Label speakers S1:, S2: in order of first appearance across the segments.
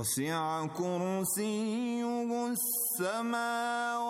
S1: وسع كرسيه السماوات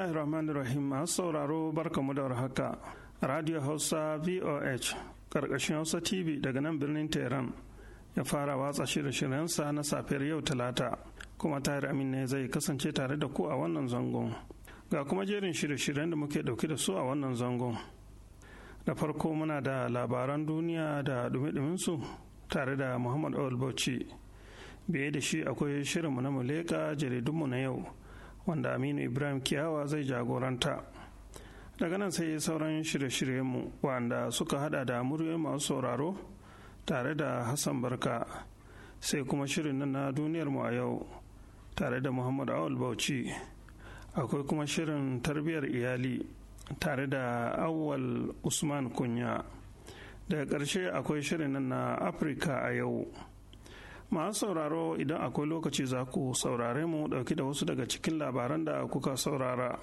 S2: bismillahir rahmanir rahim a sauraro barkamu da haka radio hausa voh karkashin hausa tv daga nan birnin tehran ya fara watsa shirye-shiryensa na safiyar yau talata kuma tahir amin ne zai kasance tare da ku a wannan zangon ga kuma jerin shirye-shiryen da muke dauke da su a wannan zangon da farko muna da labaran duniya da dumi su tare da muhammad bauchi biye da shi akwai shirinmu na muleka jaridunmu na yau wanda aminu ibrahim kiyawa zai jagoranta daga nan sai sauran shirye-shiryenmu wanda suka hada da muryoyi masu sauraro tare da hassan barka sai kuma shirin nan na mu a yau tare da muhammad awul bauchi akwai kuma shirin tarbiyyar iyali tare da awwal usman kunya daga ƙarshe akwai shirin nan na afirka a yau masu sauraro idan akwai lokaci za ku saurare mu dauki da wasu daga cikin labaran da kuka saurara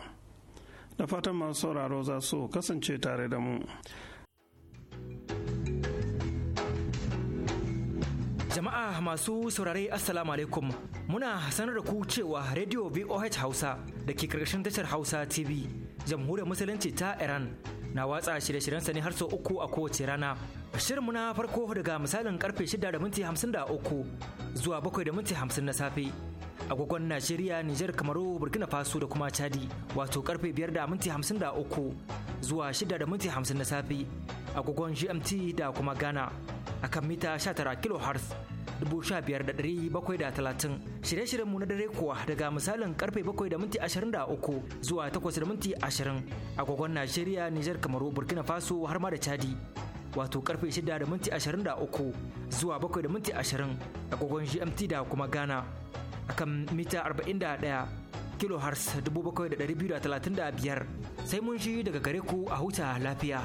S2: da fatan masu sauraro za su kasance tare da mu
S3: jama'a masu saurare assalamu alaikum muna sanar da ku cewa radio voh hausa da ke karkashin tashar hausa tv jamhuriyar musulunci ta iran na watsa shirye-shiryensa ne har sau uku a kowace rana Shirinmu na farko daga misalin karfe 6:53 zuwa 7:50 na safe. Agogon Najeriya, Nijar, Kamaru, Burkina Faso da kuma Chadi wato karfe 5:53 zuwa 6:50 na safe. Agogon GMT da kuma Ghana a kan mita 19 kHz 15730 shirye-shiryenmu na dare kuwa daga misalin karfe bakwai da minti zuwa takwas da minti 20 agogon Najeriya, Nijar, Kamaru, Burkina Faso har ma da Chadi. wato karfe 6 da minti 23 zuwa 7 da minti 20 agogon GMT da kuma Ghana akan mita 41 kilohertz 7,235 sai mun shi daga gare ku a huta lafiya.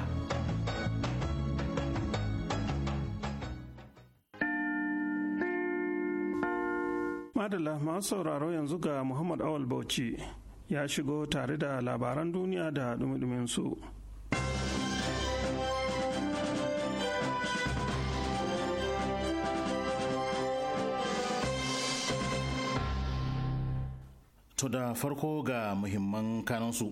S2: Madalla masu sauraro yanzu ga Muhammad Awal Bauchi ya shigo tare da labaran duniya da dumi su.
S4: To da farko ga muhimman kanansu.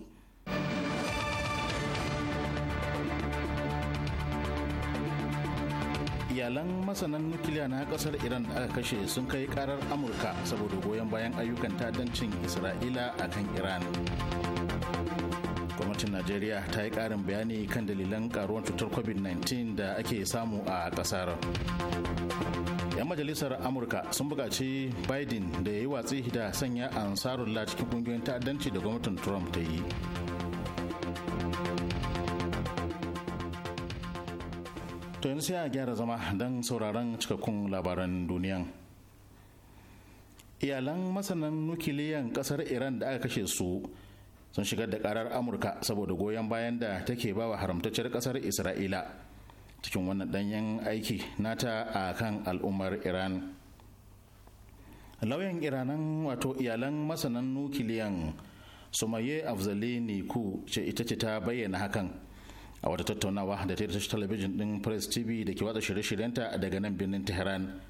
S4: iyalan masanan nukiliya na kasar iran da aka kashe sun kai karar amurka saboda goyon bayan ayyukan ta'addancin isra'ila a kan iran gwamnatin najeriya ta yi karin bayani kan dalilan karuwar cutar covid-19 da ake samu a kasar 'yan majalisar amurka sun buƙaci biden da ya yi watsi da sanya ansarullah cikin ƙungiyoyin ta'addanci da gwamnatin trump ta yi to yanzu sai a gyara zama don sauraron cikakkun labaran duniyan iyalan masanan nukiliyan kasar iran da aka kashe su sun shigar da karar amurka saboda goyon bayan da take ba wa haramtacciyar kasar isra'ila cikin wannan danyen aiki nata a kan al'ummar iran lauyan iranan wato iyalan masanan nukiliyan sumaye afzalini ku ce ita ce ta bayyana hakan a wata tattaunawa da ta tashi talabijin din press tv da ke watsa shirye-shiryenta daga nan birnin tehran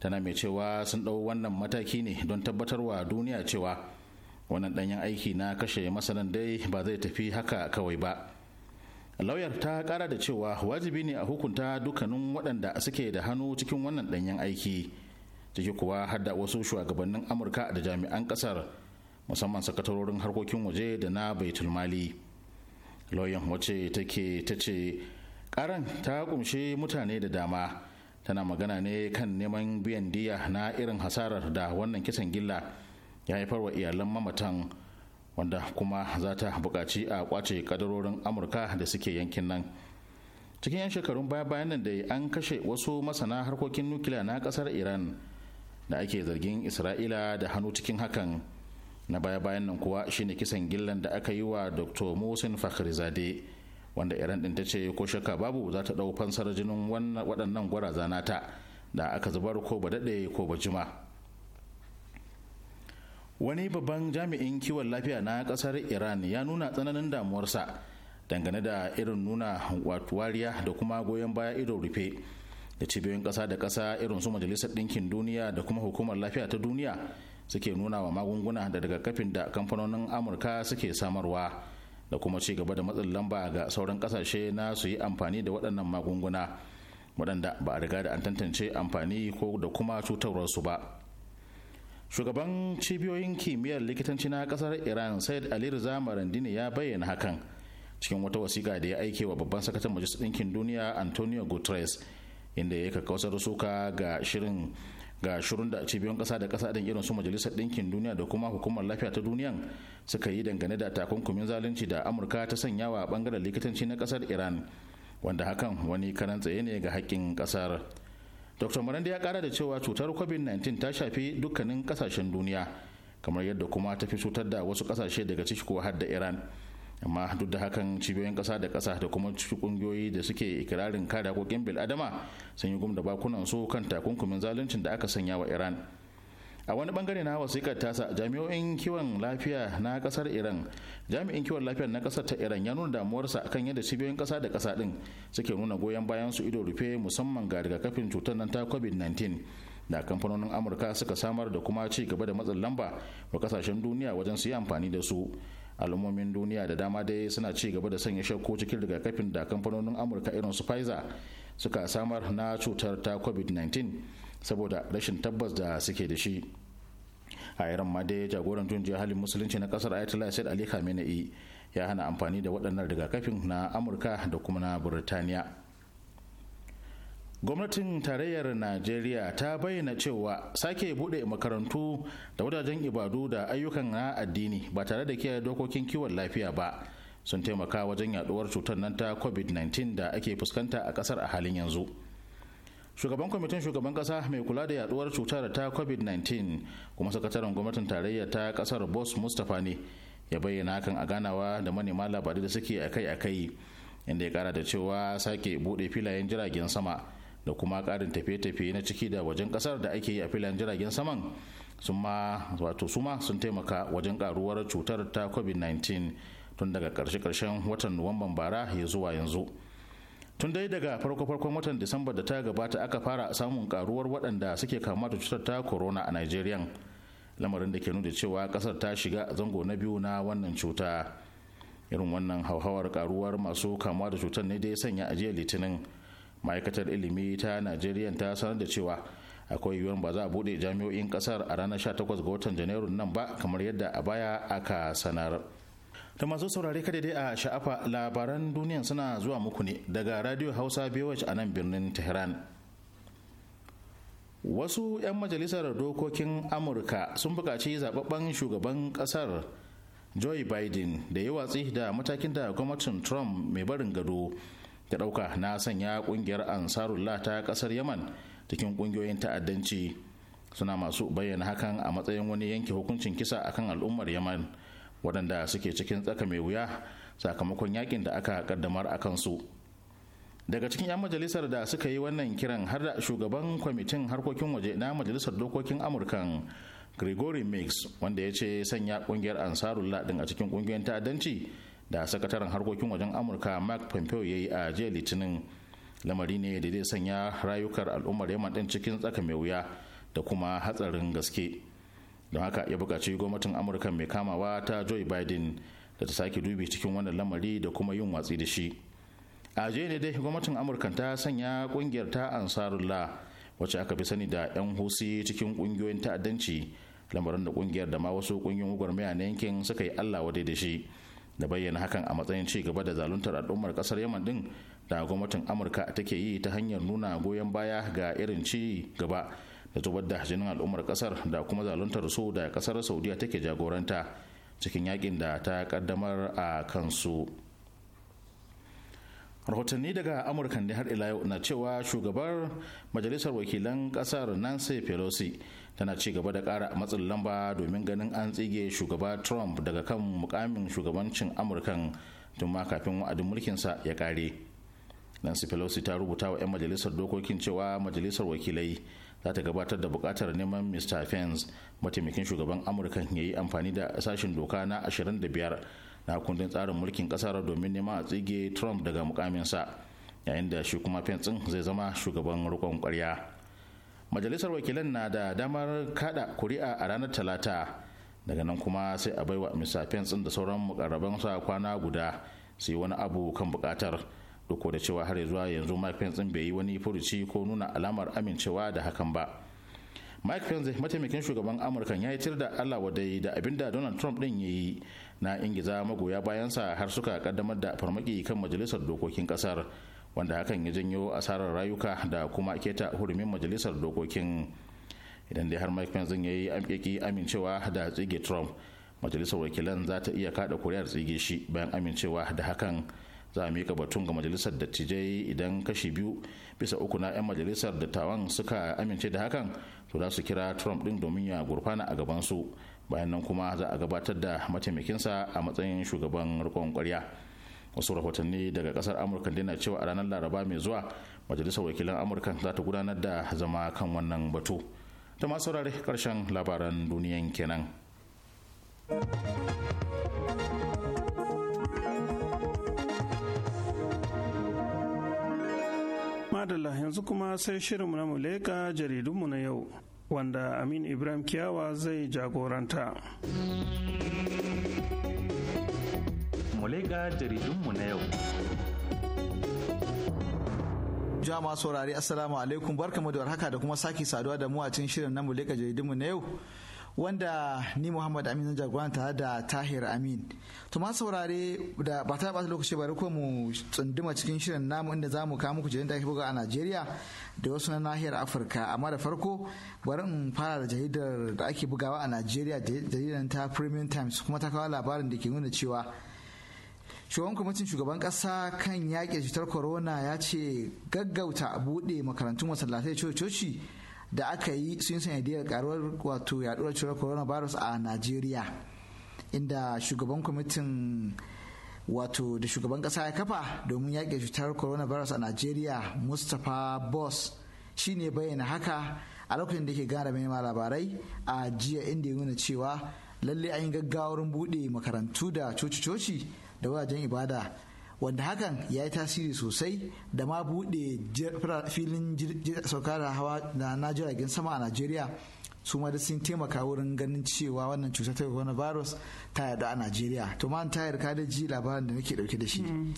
S4: tana mai cewa sun ɗau wannan mataki ne don tabbatarwa duniya cewa wannan danyen aiki na kashe masanan dai ba zai tafi haka kawai ba lauyar ta kara da cewa wajibi ne a hukunta dukkanin waɗanda suke da hannu cikin wannan ɗanyen aiki ciki kuwa har da wasu shugabannin amurka da jami'an ƙasar musamman sakatarorin harkokin waje da na baitulmali lauyan wace take ta ce karan ta kumshe mutane da dama tana magana ne kan neman biyan diya na irin hasarar da wannan kisan gilla ya haifar wa iyalan mamatan wanda kuma za ta buƙaci a kwace kadarorin amurka da suke yankin nan cikin 'yan shekarun baya bayan nan da an kashe wasu masana harkokin nukiliya na ƙasar iran da ake zargin isra'ila da hannu cikin hakan na baya bayan nan kuwa shine kisan gillan da aka yi wa dr musin fakhrizade wanda iran din ta ce ko shaka babu za ta dau fansar jinin waɗannan gwarazana ta da aka zubar ko ba daɗe ko ba jima wani babban jami'in kiwon lafiya na kasar iran ya nuna tsananin damuwarsa dangane da irin nuna wariya da kuma goyon baya ido rufe da cibiyoyin kasa da kasa irin su majalisar ɗinkin duniya da kuma hukumar lafiya ta duniya suke nuna wa magunguna da daga kafin da kamfanonin amurka suke samarwa da kuma ci gaba da matsin lamba ga sauran kasashe na su yi amfani da waɗannan magunguna waɗanda ba a riga da an tantance amfani ko da kuma cutarwarsu ba shugaban cibiyoyin kimiyyar likitanci na kasar iran said ali rza marandini ya bayyana hakan cikin wata wasiƙa da ya aike wa babban sakatar majalisar ɗinkin duniya antonio guterres inda ya kakkausar suka ga shirin ga shirin da cibiyoyin kasa da kasa da irin su majalisar ɗinkin duniya da kuma hukumar lafiya ta duniyan suka yi dangane da takunkumin zalunci da amurka ta sanya wa bangaren likitanci na kasar iran wanda hakan wani karan tsaye ne ga haƙƙin kasar dr maranda ya kara da cewa cutar covid-19 ta shafi dukkanin kasashen duniya kamar yadda kuma ta fi cutar da wasu kasashe daga ciki ko har da iran amma duk da hakan cibiyoyin kasa da kasa da kuma kungiyoyi da suke ikirarin kare hakokin bil'adama sun yi gumda bakunan su kan takunkumin zaluncin da aka sanya wa iran a wani bangare na wasikar tasa jami'o'in kiwon lafiya na kasar iran jami'in kiwon lafiya na kasar ta iran ya nuna damuwarsa akan yadda cibiyoyin kasa da kasa din suke nuna goyon bayan su ido rufe musamman ga rigakafin cutar nan ta covid-19 da kamfanonin amurka suka samar da kuma ci gaba da matsin lamba wa kasashen duniya wajen su yi amfani da su al'ummomin duniya da dama dai suna ci gaba da sanya shakku cikin rigakafin da kamfanonin amurka irin su pfizer suka samar na cutar ta covid-19 saboda rashin tabbas da suke da shi a iran ma dai jagoran junji halin musulunci na kasar ayatollah said ali khamenei ya hana amfani da waɗannan rigakafin na amurka da kuma na burtaniya gwamnatin tarayyar najeriya ta bayyana cewa sake buɗe makarantu da wajajen ibadu da ayyukan na addini ba tare da kiyaye dokokin kiwon lafiya ba sun taimaka wajen yaduwar cutar nan ta covid-19 da ake fuskanta a kasar a halin yanzu. shugaban kwamitin shugaban kasa mai kula da yaduwar cutar ta covid-19 kuma sakataren gwamnatin tarayya ta kasar boss mustapha ne ya bayyana hakan a ganawa da manema labarai da suke akai-akai inda ya kara da cewa sake bude filayen jiragen sama da kuma karin tafiye-tafiye na ciki da wajen kasar da ake yi a filayen jiragen saman suma wato suma sun taimaka wajen karuwar cutar ta covid-19 tun daga karshe-karshen watan nuwamban bara ya zuwa yanzu. tun dai daga farko-farkon watan disamba da ta gabata aka fara samun karuwar waɗanda suke kama da cutar ta corona a nigeria lamarin da ke nuna cewa kasar ta shiga zango na biyu na wannan cuta irin wannan hauhawar karuwar masu kama da cutar ne dai sanya a jiya litinin ma'aikatar ilimi ta nigeria ta sanar da cewa akwai yiwuwar ba za a bude jami'o'in kasar a ranar 18 ga watan janairun nan ba kamar yadda a baya aka sanar. da masu saurare kada dai a sha'afa labaran duniyan suna zuwa muku ne daga radio hausa bewaj a nan birnin tehran wasu 'yan majalisar dokokin amurka sun buƙaci zababben shugaban ƙasar joe biden da yi watsi da matakin da gwamnatin trump mai barin gado da ɗauka na sanya ƙungiyar ansarullah ta ƙasar yaman cikin ƙungiyoyin ta'addanci suna masu bayyana hakan a matsayin wani yanke hukuncin kisa akan al'ummar yaman waɗanda suke cikin tsaka mai wuya sakamakon yakin da aka kaddamar a kansu daga cikin 'yan majalisar da suka yi wannan kiran har da shugaban kwamitin harkokin waje na majalisar dokokin amurkan gregory mix wanda ya ce sanya kungiyar ansarul din a cikin kungiyar ta'addanci da sakataren harkokin wajen amurka mark pompeo ya yi a jiya litinin lamari ne da zai sanya rayukar al'ummar yaman din cikin tsaka mai wuya da kuma hatsarin gaske don haka ya buƙaci gwamnatin amurka mai kamawa ta joe biden da ta sake dubi cikin wannan lamari da kuma yin watsi da shi a jiya ne dai gwamnatin amurka ta sanya kungiyar ta ansarullah wacce aka fi sani da yan husi cikin kungiyoyin ta'addanci lamarin da kungiyar da ma wasu kungiyoyin gwagwarmaya na yankin suka yi allah wadai da shi da bayyana hakan a matsayin ci gaba da zaluntar al'ummar kasar yaman din da gwamnatin amurka take yi ta hanyar nuna goyon baya ga irin ci gaba da zubar da jinin al'ummar kasar da kuma zaluntar su da kasar saudiya take jagoranta cikin yakin da ta kaddamar a kansu rahotanni daga amurka ne har ila yau na cewa shugabar majalisar wakilan kasar nancy pelosi tana ci gaba da kara matsin lamba domin ganin an tsige shugaba trump daga kan mukamin shugabancin amurkan tun ma kafin wa'adin mulkinsa ya kare nancy pelosi ta rubuta wa 'yan majalisar dokokin cewa majalisar wakilai za ta gabatar da bukatar neman mr fens mataimakin shugaban amurka ya yi amfani da sashen doka na 25 na kundin tsarin mulkin kasar domin neman a tsige trump daga mukaminsa yayin da shi kuma fence zai zama shugaban rikon kwarya majalisar wakilan na da damar kada kuri'a a ranar talata daga nan kuma sai a baiwa mr fence da sauran mukarrabansa kwana guda sai wani abu kan bukatar duk da cewa har zuwa yanzu mike pence bai yi wani furuci ko nuna alamar amincewa da hakan ba mike pence mataimakin shugaban amurka ya yi da allah wadai da abinda donald trump din ya yi na ingiza magoya bayansa har suka kaddamar da farmaki kan majalisar dokokin kasar wanda hakan ya janyo asarar rayuka da kuma keta hurumin majalisar dokokin idan dai har mike pence ya yi amkeki amincewa da tsige trump majalisar wakilan za ta iya kada kuri'ar tsige shi bayan amincewa da hakan za a mika batun ga majalisar dattijai idan kashi biyu bisa uku na 'yan majalisar dattawan suka amince da hakan to za su kira trump din domin ya gurfana a gabansu bayan nan kuma za a gabatar da mataimakinsa a matsayin shugaban rikon kwarya wasu rahotanni daga kasar amurka dina cewa a ranar laraba mai zuwa majalisar wakilan amurka za ta gudanar da zama kan wannan batu ta masu karshen labaran duniyan kenan
S2: madalla yanzu kuma sai shirinmu na muleka jaridunmu na yau wanda amin ibrahim kiyawa zai jagoranta
S5: muleka jaridunmu na yau jama'a saurari assalamu alaikum barkamu da warhaka da kuma sake saduwa da mu a cikin shirin na muleka jaridunmu na yau wanda ni Muhammad Amin jagoran tare da Tahir Amin. To ma saurare da ba ta bata lokaci bari ko mu tsunduma cikin shirin namu inda za mu kawo muku jaridar ake buga a Najeriya da wasu na nahiyar Afirka amma da farko bari in fara da jaridar da ake bugawa a Najeriya da jaridar ta Premium Times kuma ta kawo labarin da ke nuna cewa shugaban kwamitin shugaban kasa kan yaƙi cutar corona ya ce gaggauta buɗe makarantun masallatai coci da aka yi sun sanadiyar karuwar wato yaduwar cutar coronavirus a najeriya inda shugaban kwamitin wato da shugaban kasa ya kafa domin yaƙi cutar coronavirus a najeriya mustapha boss shine bayyana haka a lokacin da ke gane manema labarai a jiya inda ya nuna cewa lalle an yi gaggawar buɗe makarantu da coci-coci da wajen ibada wanda hakan ya yi tasiri sosai da ma buɗe filin sauka hawa na jiragen sama a najeriya su ma da sun taimaka wurin ganin cewa wannan cutar ta coronavirus ta yadda a najeriya to ma ta ka da ji labarin da nake dauke da shi hmm.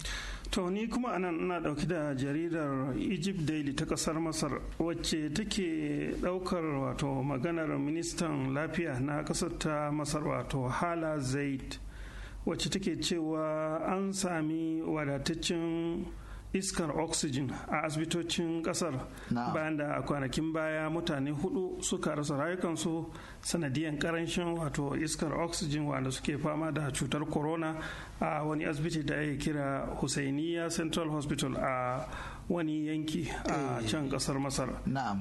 S5: to ni
S2: kuma anan ina dauke da jaridar egypt daily ta kasar masar wacce take daukar wato maganar ministan lafiya na kasar ta masar wato hala zaid wacce take cewa an sami wadataccen iskar oxygen a asibitocin kasar bayan da a kwanakin baya mutane hudu suka rasa rayukansu sanadiyan karancin wato iskar oxygen wanda suke fama da cutar corona a wani asibiti da ake kira husainiya central hospital a wani yanki a eh. can kasar masar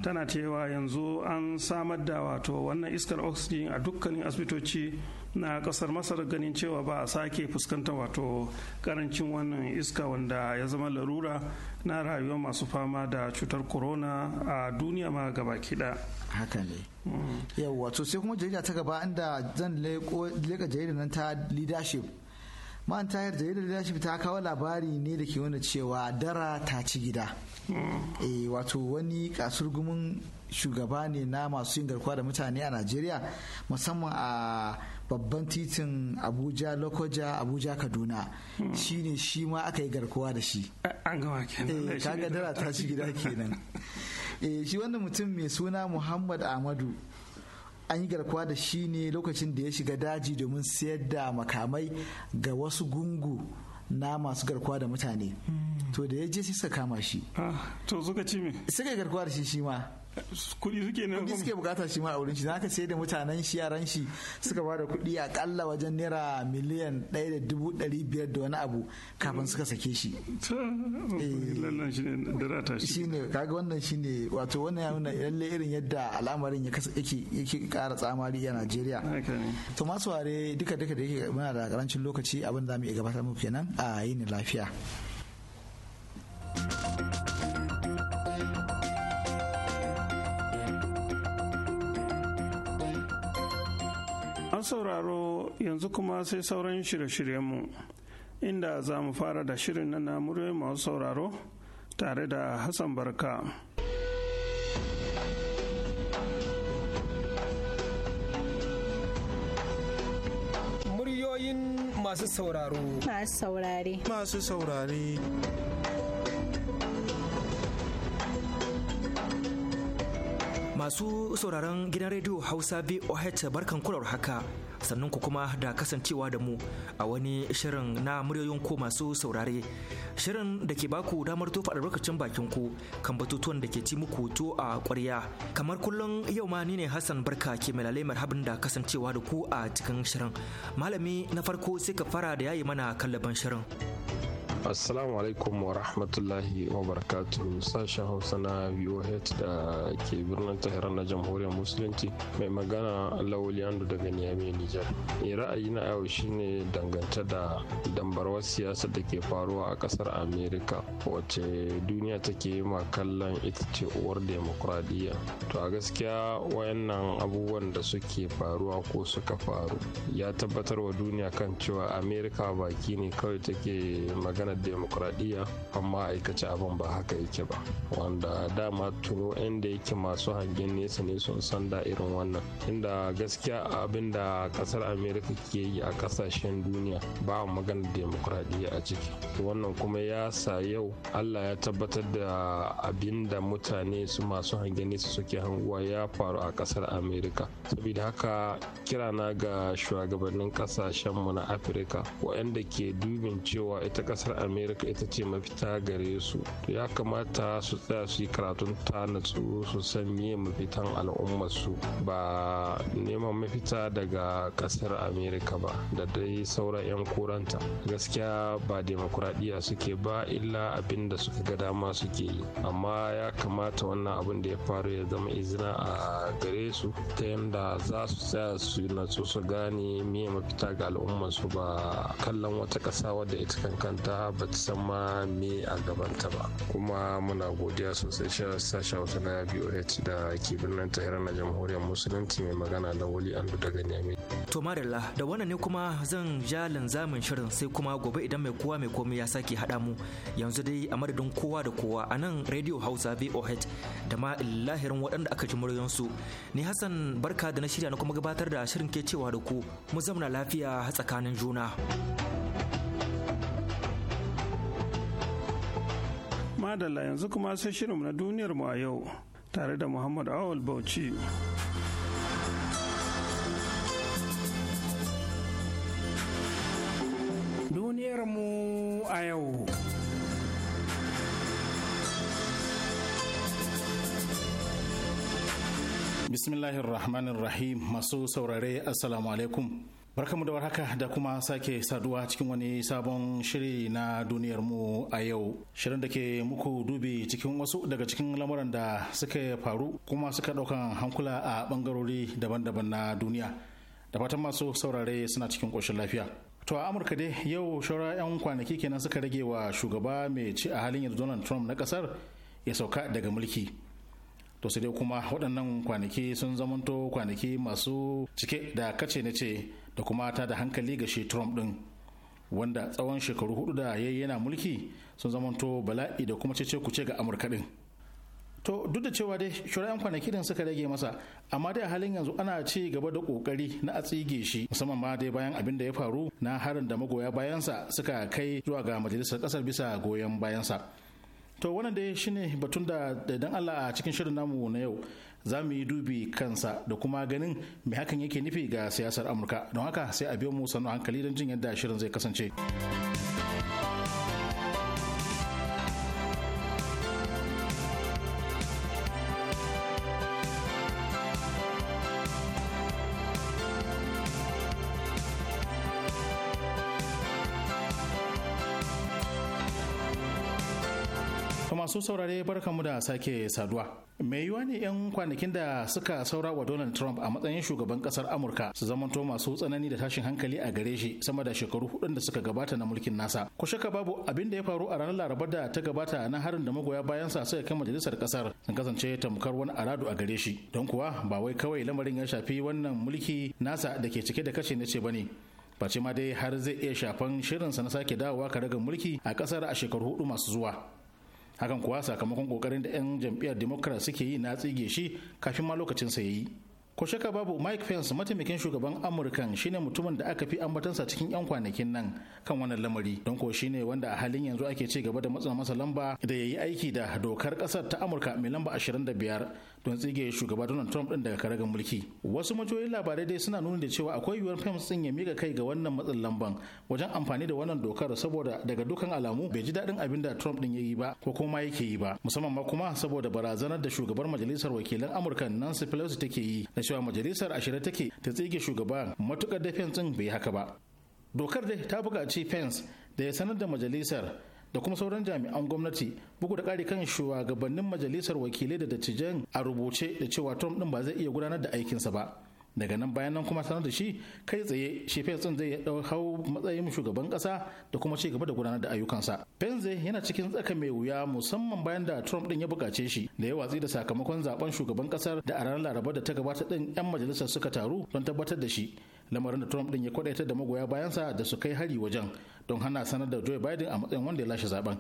S2: tana cewa yanzu an samar da wato wannan iskar oxygen a dukkanin asibitoci na kasar masar ganin cewa ba a sake fuskanta wato karancin wannan iska wanda ya zama larura na rayuwa masu fama da cutar corona a duniya ma gaba kiɗa.
S6: haka ne
S5: mm. to sai kuma jarida ta gaba inda zan leka jarida nan ta leadership man tayar jaridar leadership ta kawo labari ne da ke wani cewa dara ta ci gida mm. eh, wato wani kasurgumin shugaba ne na masu yin garkuwa da mutane a najeriya musamman a babban titin abuja lokoja abuja kaduna hmm. shine shi ma aka yi garkuwa da shi an gama kenan eh, kaga dara ta ci gida kenan eh, shi wannan mutum mai suna muhammad ahmadu an yi garkuwa da shi ne lokacin da ya shiga daji domin sayar da makamai ga wasu gungu na masu garkuwa da mutane hmm. to da ya je sai suka kama shi ah, to suka ci me suka garkuwa da shi shi ma kuɗi suke ne kudi suke bukata shi ma a wurin shi zaka sai da mutanen shi yaran shi suka bada kuɗi kalla wajen naira miliyan ɗaya da dubu ɗari biyar da wani abu kafin suka sake shi lallan shi ne darata shi shine kaga wannan shine wato wannan ya nuna lalle irin yadda al'amarin ya kasa yake yake ƙara tsamari a Najeriya to masu ware duka duka da yake muna da karancin lokaci abin da mu iya gabatar muku kenan a yini lafiya
S2: masu sauraro yanzu kuma sai sauran shirye-shiryenmu inda za mu fara da shirin na namurai masu sauraro tare da hassan barka
S3: muryoyin masu sauraro
S1: masu saurare
S3: masu saurare Masu sauraron gidan rediyo Hausa BOH barkan kular haka sannan ku kuma da kasancewa da mu a wani shirin na muryoyin ko masu saurare. Shirin da ke baku damar tofa lokacin bakin ku kan batutuwan da ke ci muku to a ƙwarya. Kamar kullum yau ma ni ne Hassan Barka ke malalai marhabin da kasancewa da ku a cikin shirin. Malami na farko sai ka fara da yayi mana kallaban shirin.
S7: assalamu alaikum wa rahmatullahi wa barakatuhu sashen hausa na voh da ke birnin Tahirar na jamhuriyar musulunci mai magana lawali andu daga niyami nijar eh, ra'ayi na yau shine dangance da dambarwar siyasa da ke faruwa a kasar Amerika wacce duniya take yi kallon ita ce uwar demokradiyya to a gaskiya wayannan abubuwan da suke faruwa ko suka faru ya tabbatar wa duniya kan cewa Amerika baki ne kawai take magana maganar demokuraɗiyya amma aikace abin ba haka yake ba wanda dama turo inda yake masu hangen nesa ne sun san da irin wannan inda gaskiya abin da kasar america ke yi a kasashen duniya ba maganar demokuraɗiyya a ciki wannan kuma ya sa yau allah ya tabbatar da abin da mutane su masu hangen nesa suke hanguwa ya faru a kasar america saboda haka kirana ga shugabannin kasashenmu na afirka waɗanda ke dubin cewa ita kasar amerika ita ce mafita gare su ya kamata su tsaya su yi karatun ta natsu su san miye mafitan al'ummarsu ba neman mafita daga kasar amerika ba da dai sauran 'yan kuranta gaskiya ba demokuraɗiyya suke ba illa abin da suka ga dama suke yi amma ya kamata wannan abin da ya faru ya zama izina a gare su ta yadda za su tsaya su natsu su gane miye mafita ga al'ummarsu ba kallon wata ƙasa wadda ita kankanta ba ta san ma me a gabanta ba kuma muna godiya sosai sashen hausa na boh da ke birnin tahirar na jamhuriyar musulunci mai magana da wali andu
S3: daga nyame to marilla da wannan ne kuma zan ja linzamin shirin sai kuma gobe idan mai kowa mai komai ya sake haɗa mu yanzu dai a madadin kowa da kowa a nan radio hausa boh da ma lahirin waɗanda aka ji muryansu ni hassan barka da na shirya na kuma gabatar da shirin ke cewa da ku mu zamana lafiya tsakanin juna.
S2: madalla yanzu kuma sai shirinmu na duniyar mu a yau tare da muhammad awal bauchi
S4: duniyar mu a yau bismillahir rahmanir rahim masu saurare assalamu alaikum Barkamu da warhaka da kuma sake saduwa cikin wani sabon shiri na duniyar mu a yau. Shirin da ke muku dubi cikin wasu daga cikin lamuran da suka faru kuma suka ɗaukan hankula a bangarori daban-daban na duniya. Da fatan masu saurare suna cikin ƙoshin lafiya. To a Amurka dai yau shaura 'yan kwanaki kenan suka rage wa shugaba mai ci a halin yanzu Donald Trump na kasar ya sauka daga mulki. To sai dai kuma waɗannan kwanaki sun zamanto kwanaki masu cike da kace na ce da kuma ta da hankali ga shi trump din wanda tsawon shekaru hudu da ya yana mulki sun zamanto bala'i da kuma cece kuce ga amurka din to duk da cewa dai shari'an kwanaki din suka rage masa amma dai a halin yanzu ana ci gaba da kokari na a tsige shi musamman ma dai bayan abin da ya faru na harin da magoya bayansa suka kai zuwa ga majalisar kasar bisa goyon bayansa to wannan dai shine batun da dan Allah a cikin shirin namu na yau za mu yi dubi kansa da kuma ganin mai hakan yake nufi ga siyasar amurka don haka sai a biyo mu sannu hankali don jin yadda shirin zai kasance. saurare mu da sake saduwa. mai yiwuwa ne 'yan kwanakin da suka saura wa donald trump a matsayin shugaban kasar amurka su zamanto masu tsanani da tashin hankali a gare shi sama da shekaru hudun da suka gabata na mulkin nasa Ku shaka babu abin da ya faru a ranar laraba da ta gabata na harin da magoya bayan sa suka kai majalisar kasar sun kasance tamkar wani aradu a gare shi don kuwa ba wai kawai lamarin ya shafi wannan mulki nasa da ke cike da kashe na ce ba ne? Bace ma dai har zai iya shafan shirinsa na sake dawowa ka daga mulki a kasar a shekaru hudu masu zuwa hakan kuwa sakamakon kokarin da 'yan jam'iyyar democrat suke yi na tsige shi kafin ma lokacin sa yi. ko shaka babu mike pence mataimakin shugaban amurkan shine mutumin da aka fi ambatansa cikin 'yan kwanakin nan kan wannan lamari don ko shine wanda a halin yanzu ake ci gaba da matsa masa lamba da ya yi aiki da dokar kasar ta amurka mai lamba 25 don tsige shugaba donald trump din daga karagar mulki wasu majoyin labarai dai suna nuna da cewa akwai yiwuwar pence din ya mika kai ga wannan matsin lamban wajen amfani da wannan dokar saboda daga dukkan alamu bai ji daɗin abin da trump din ya yi ba ko kuma yake yi ba musamman ma kuma saboda barazanar da shugabar majalisar wakilan amurka nancy pelosi take yi da cewa majalisar ashirin take ta tsige shugaba matukar da pence din bai haka ba dokar dai ta buƙaci pence da ya sanar da majalisar da kuma sauran jami'an gwamnati bugu da ƙari kan shugabannin majalisar wakilai da dattijan a rubuce da cewa trump din ba zai iya gudanar da aikinsa ba daga nan bayan nan kuma sanar da shi kai tsaye shi tsin zai hau matsayin shugaban kasa da kuma ci gaba da gudanar da ayyukansa. Pence yana cikin tsaka mai wuya musamman bayan da Trump din ya bukace shi da ya watsi da sakamakon zaben shugaban kasar da a ranar Laraba da ta gabata din yan majalisar suka taru don tabbatar da shi lamarin da trump din ya kwadaita da magoya bayansa da su kai hari wajen don hana sanar da joe biden a matsayin wanda ya lashe zaben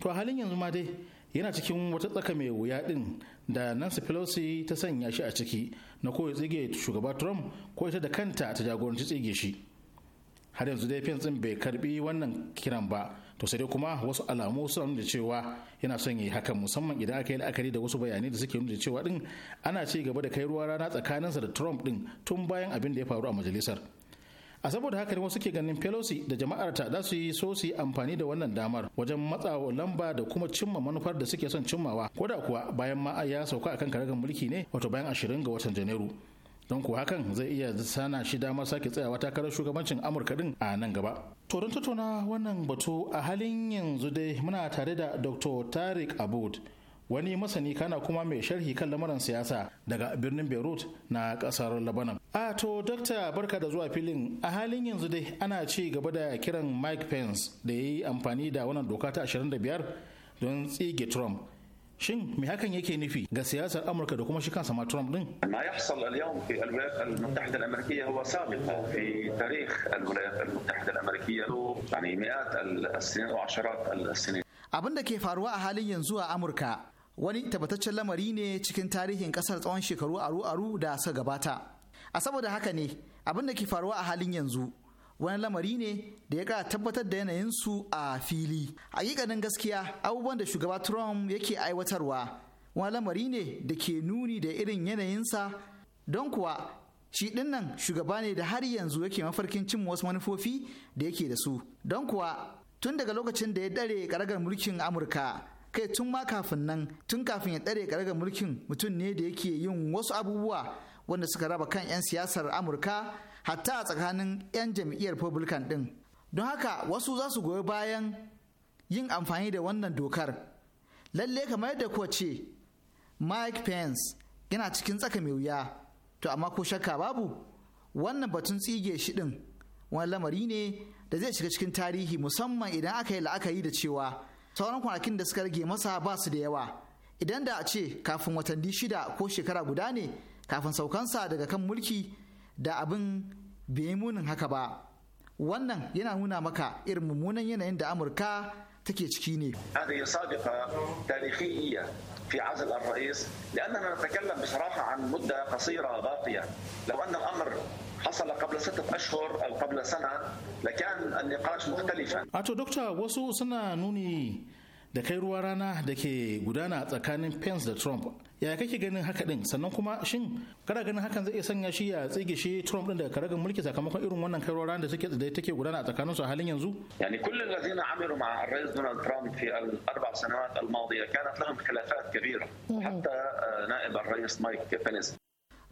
S4: to a halin yanzu ma dai yana cikin wata tsaka mai wuya din da nancy pelosi ta sanya shi a ciki na ko ya tsige shugaba trump ko ita da kanta ta jagoranci tsige shi har yanzu dai fence din bai karbi wannan kiran ba to sai dai kuma wasu alamu suna nuna cewa yana son yi hakan musamman idan aka yi la'akari da wasu bayanai da suke nuna cewa din ana ci gaba da kai ruwa rana tsakaninsa da Trump din tun bayan abin da ya faru a majalisar a saboda haka ne wasu ke ganin pelosi da jama'ar ta za su yi so su yi amfani da wannan damar wajen matsawa lamba da kuma cimma manufar da suke son cimmawa ko da kuwa bayan ma ya sauka akan karagar mulki ne wato bayan ashirin ga watan janairu don kuwa hakan zai iya sana shi damar sake tsayawa takarar shugabancin amurka din a nan gaba to don tattauna wannan batu a halin yanzu dai muna tare da dr tariq abud wani masani kana kuma mai sharhi kan lamarin siyasa daga birnin beirut na kasar lebanon a to dokta barka da zuwa filin a halin yanzu dai ana ci gaba da kiran mike pence da ya yi amfani da wannan doka ta 25 don tsige trump shin me hakan yake nufi ga siyasar amurka da kuma shi kansa ma trump din
S8: ma yahsal al-yawm fi al-wilayat al-muttahida al-amrikiyya huwa sabiqa fi tarikh al-wilayat al-muttahida al-amrikiyya yani mi'at al-sinin wa asharat al-sinin
S5: abin da ke faruwa a halin yanzu a amurka wani tabbataccen lamari ne cikin tarihin kasar tsawon shekaru aru-aru da suka gabata a saboda haka ne abin da ke faruwa a halin yanzu wani lamari ne da ya kara tabbatar da yanayinsu a fili a hakikanin gaskiya abubuwan da shugaba trump yake aiwatarwa wani lamari ne da ke nuni da irin yanayinsa don kuwa shi dinnan shugaba ne da har yanzu yake mafarkin cin wasu manufofi da yake da su don kuwa tun daga lokacin da ya dare karagar mulkin amurka kai tun ma kafin nan tun kafin ya dare karagar mulkin mutum ne da yake yin wasu abubuwa wanda suka raba kan 'yan siyasar amurka hatta a tsakanin 'yan jam'iyyar republican din don haka wasu za su goyi bayan yin amfani da wannan dokar lalle kamar yadda kuwa ce mike pence yana cikin tsaka mai wuya to amma ko shakka babu wannan batun tsige shi din wani lamari ne da zai shiga cikin tarihi musamman idan aka yi la'akari da cewa sauran kwanakin da suka rage masa ba su da yawa idan da a ce kafin watanni shida ko shekara guda ne kafin saukansa daga kan mulki da abin bai munin haka ba wannan yana nuna maka irin mummunan yanayin da amurka take ciki ne
S8: في عزل الرئيس لأننا نتكلم بصراحة عن مدة قصيرة باقية لو أن الأمر حصل قبل ستة أشهر أو قبل سنة لكان النقاش مختلفا
S4: أتو دكتور سنة نوني da kai ruwa rana da ke gudana tsakanin pence da trump ya kake ganin haka din sannan kuma shin kana ganin hakan zai iya sanya shi ya tsige shi Trump din daga karagar mulki sakamakon irin wannan kairoran da suke da take gudana a tsakanin su a halin yanzu
S8: yani kullu allazina amilu ma'a ar-rais Donald Trump fi al-arba' sanawat al-madiya kanat lahum khilafat kabira mhm. hatta uh, na'ib ar-rais Mike Pence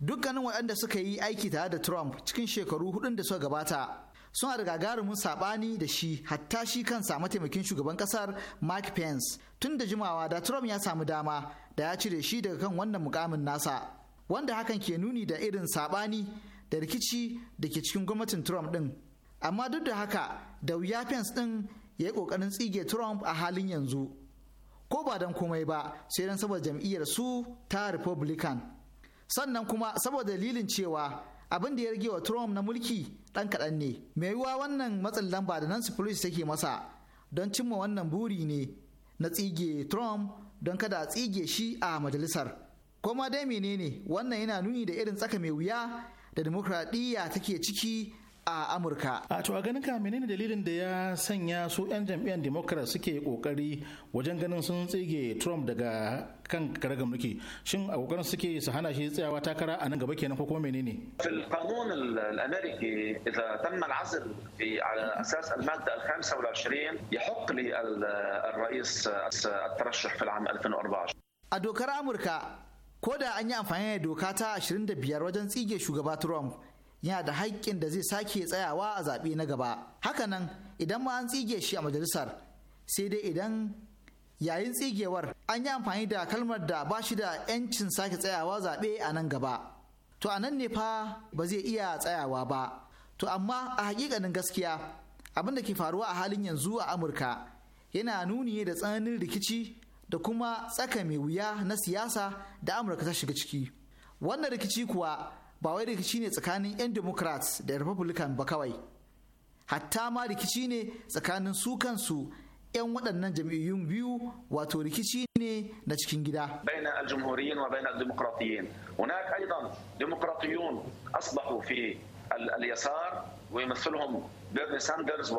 S5: dukkanin waɗanda suka yi aiki tare da Trump cikin shekaru hudun da suka gabata sun a gagarumin sabani da shi hatta shi kansa mataimakin shugaban kasar Mike Pence tun da jimawa da Trump ya samu dama da ya cire shi daga kan wannan mukamin nasa wanda hakan ke nuni da irin sabani da rikici da ke cikin gwamnatin Trump din amma duk da haka da wuya Pence din ya yi kokarin tsige Trump a halin yanzu ko ba dan komai ba sai dan saboda jam'iyyar su ta Republican sannan kuma saboda dalilin cewa abin da ya rage wa Trump na mulki ɗan kaɗan ne mai yiwuwa wannan matsin lamba da nancy pelosi take masa don cimma wannan buri ne na tsige trump don kada a tsige shi a majalisar kuma dai menene wannan yana nuni da irin tsaka mai wuya da
S4: demokradiyya take ciki a Amurka. A to a ganin ka menene dalilin da ya sanya su 'yan jam'iyyar Democrat suke kokari wajen ganin sun tsige Trump daga kan karagar mulki. Shin a kokarin suke su hana shi tsayawa takara a nan gaba kenan ko kuma menene?
S9: في
S8: القانون الامريكي اذا تم العزل على اساس الماده ال 25 يحق للرئيس الترشح في العام 2014
S5: a dokar amurka ko da an yi amfani da doka ta 25 wajen tsige shugaba trump yana da haƙƙin da zai sake tsayawa a zaɓe na gaba hakanan idan ma an tsige shi a majalisar sai dai idan yayin tsigewar an yi amfani da kalmar da ba shi da 'yancin sake tsayawa zaɓe a nan gaba to a nan ne fa ba zai iya tsayawa ba to amma a hakikanin gaskiya abin da ke faruwa a halin yanzu a amurka yana nuni da tsananin rikici da kuma tsaka mai wuya na siyasa da amurka ta shiga ciki wannan rikici kuwa ba wai rikici ne tsakanin 'yan democrats da republican ba kawai hatta ma rikici ne tsakanin su kansu 'yan waɗannan jam'iyyun biyu wato rikici ne na cikin gida.
S8: بين الجمهوريين وبين الديمقراطيين هناك أيضا ديمقراطيون أصبحوا في اليسار ويمثلهم بيرني ساندرز و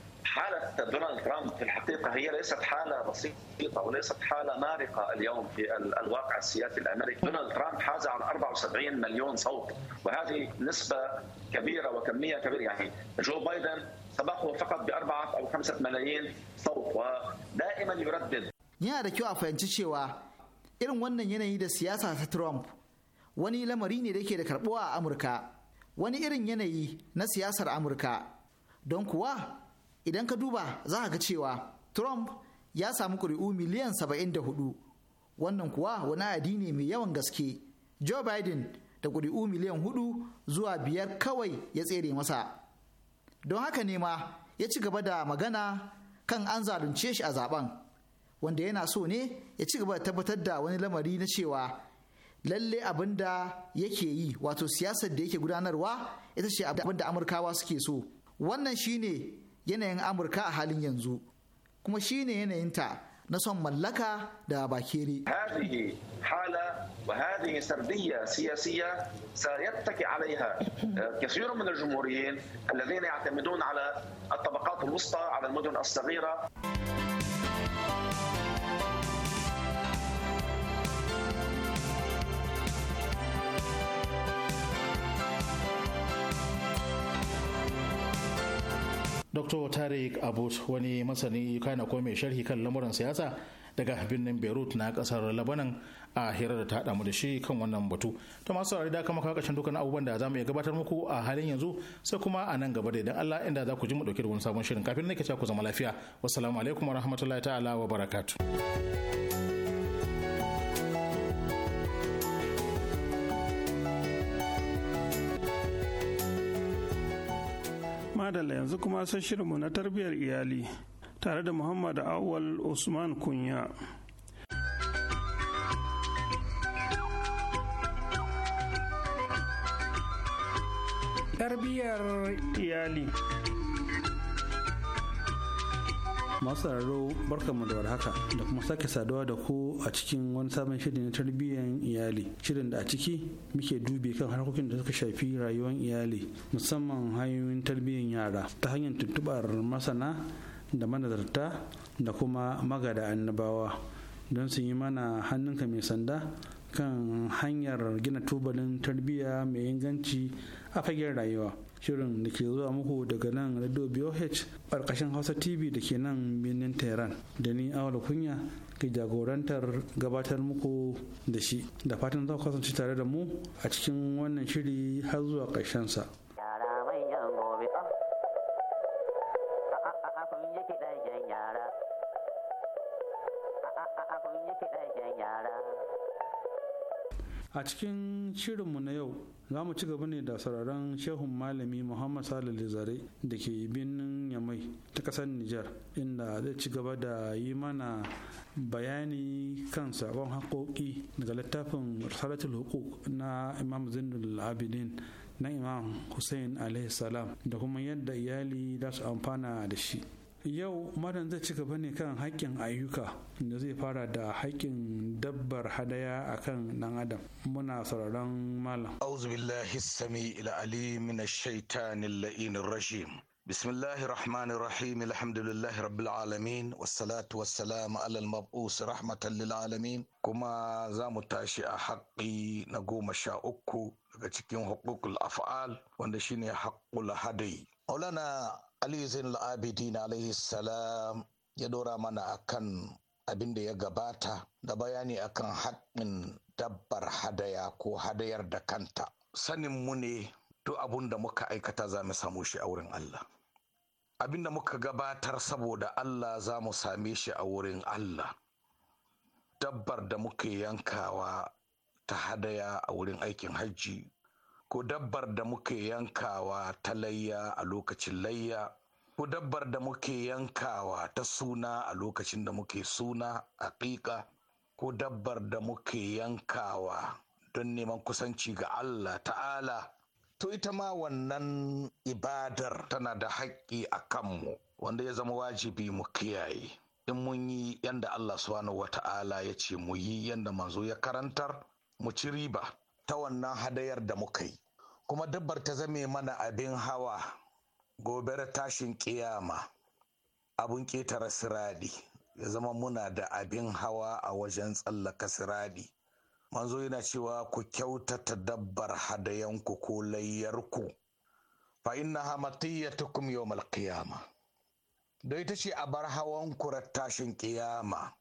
S8: حالة دونالد ترامب في الحقيقة هي ليست حالة بسيطة وليست حالة مارقة اليوم في الواقع السياسي الأمريكي دونالد ترامب حاز على 74 مليون صوت وهذه نسبة كبيرة وكمية كبيرة يعني جو بايدن سبقه فقط بأربعة أو خمسة ملايين صوت ودائما يردد
S5: يا da kyau a fahimci cewa irin wannan ترامب da siyasa ta Trump wani أمريكا ne إرن ينهي نسياسة أمريكا دونك Amurka idan ka duba za ka ga cewa trump ya samu kuri'u miliyan 74 wannan kuwa wani adi ne mai yawan gaske joe biden da kuri'u miliyan 4 zuwa biyar kawai ya tsere masa don haka ne ma ya ci gaba da magana kan an zalunce shi a zaben wanda yana so ne ya ci gaba da tabbatar da wani lamari na cewa lalle abin da yake yi wato siyasar da yake gudanarwa ita ce abin da amurkawa suke so wannan shine yanayin amurka a halin yanzu kuma shine yanayinta na son mallaka da
S8: bakere. هذه حالة وهذه سردية سياسية سيتكي عليها آه، كثير من الجمهوريين الذين يعتمدون على الطبقات الوسطى على المدن الصغيرة.
S4: dr tariq abut wani masani kana ko mai sharhi kan lamuran siyasa daga birnin beirut na kasar labanan a hirar da ta hada mu da shi kan wannan batu to masu saurari da kama kakashin dukkan abubuwan da za mu iya gabatar muku a halin yanzu sai kuma a nan gaba da idan allah inda za ku ji mu dauke da wani sabon shirin kafin nake ku zama lafiya wassalamu alaikum warahmatullahi ta'ala wa barakatuh
S2: madalla yanzu kuma sun shirinmu na tarbiyyar iyali tare da muhammad awal usman kunya tarbiyyar iyali
S10: masu Barka, mu da warhaka da kuma sake saduwa da ku a cikin wani sabon shirin na tarbiyyar iyali shirin da a ciki muke dubi kan harkokin da suka shafi rayuwar iyali musamman hanyoyin tarbiyyar yara ta hanyar tuntubar masana da manazarta da kuma magada annabawa don su yi mana hannunka mai sanda kan hanyar gina tubalin tarbiyya mai inganci a fagen rayuwa shirin da ke zuwa muku daga nan radio boh ƙarƙashin hausa tv da ke nan birnin tehran da ni awal kunya ke jagorantar gabatar muku da shi da fatan za ku kasance tare da mu a cikin wannan shiri har zuwa ƙarshensa a cikin shirinmu na yau za mu ci gaba ne da sauraron shehun malami muhammad salih zare da ke birnin yamai ta kasar nijar inda zai ci gaba da yi mana bayani kan sabon haƙoƙi daga littafin salatul hukuk na imam zindul abidin na imam hussein alaihi salam da kuma yadda iyali za su amfana da shi yau madan zai ci gaba ne kan haƙƙin ayyuka da zai fara da haƙƙin dabbar hadaya akan ɗan adam muna sauraron
S11: malam auzubillahi sami ila'ali mina shaitanin la'inin rashim بسم الله الرحمن الرحيم الحمد لله رب العالمين والصلاة والسلام على المبعوث رحمة للعالمين كما زام تاشي حقي نقوم شاوكو لكتكين حقوق الأفعال وندشيني حق الهدي مولانا alizin Zain na alaihi salam ya dora mana akan abin da ya gabata da bayani akan haƙƙin dabbar hadaya ko hadayar da kanta. Sanin mu ne duk abun da muka aikata za mu samu shi a wurin Allah. Abin da muka gabatar saboda Allah za mu same shi a wurin Allah. Dabbar da muke yankawa ta hadaya a wurin aikin hajji ko dabbar da muke yankawa ta layya a lokacin layya ko dabbar da muke yankawa ta suna a lokacin da muke suna ƙiƙa. ko dabbar da muke yankawa don neman kusanci ga Allah ta'ala to ita ma wannan ibadar tana da haƙƙi a kanmu wanda ya zama wajibi mu kiyaye in mun yi yanda Allah subhanahu ta'ala ya ce mu yi yanda manzo ya karantar mu ci riba ta wannan hadayar da muka yi kuma dabbar ta zame mana abin hawa gobe tashin kiyama abun ƙetare siradi ya zama muna da abin hawa a wajen tsallaka siradi manzo yana cewa ku kyautata dabbar hadayanku ko layyarku fa innaha matiyatukum yawmal qiyama da ita ce a bar hawan kurar tashin kiyama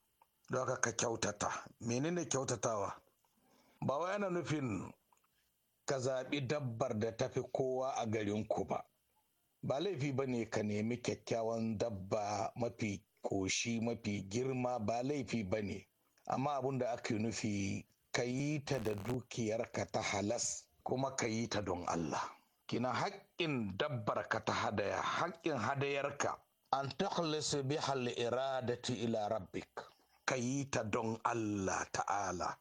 S11: don ka kyautata menene kyautatawa ba wai ana nufin ka zaɓi dabbar da tafi kowa a garin ku ba ba laifi ba ne ka nemi kyakkyawan dabba mafi ƙoshi mafi girma ba laifi ba ne amma abin da aka nufi ka yi ta da dukiyarka ta halas kuma ka yi ta don Allah kina haƙƙin dabbar ka ta hadaya haƙƙin hadayarka an takhlisu bi hal iradati ila rabbik ka yi ta don Allah ta'ala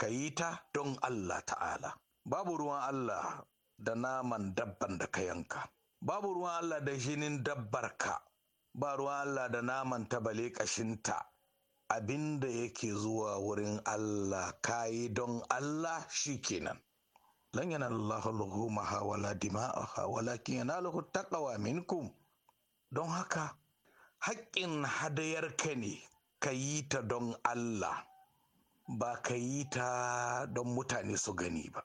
S11: ka yi ta don Allah ta'ala babu ruwan Allah da naman dabban da ka yanka babu ruwan Allah da jinin dabbar ka ba ruwan Allah da naman ta bale kashinta abin da yake zuwa wurin Allah ka yi don Allah shi kenan. lan yanallahu luhumaha hawala. dima'aha walakin yanaluhu taqwa minkum don haka haƙƙin ka ne ka yi ta don Allah ba ka yi ta don mutane su gani ba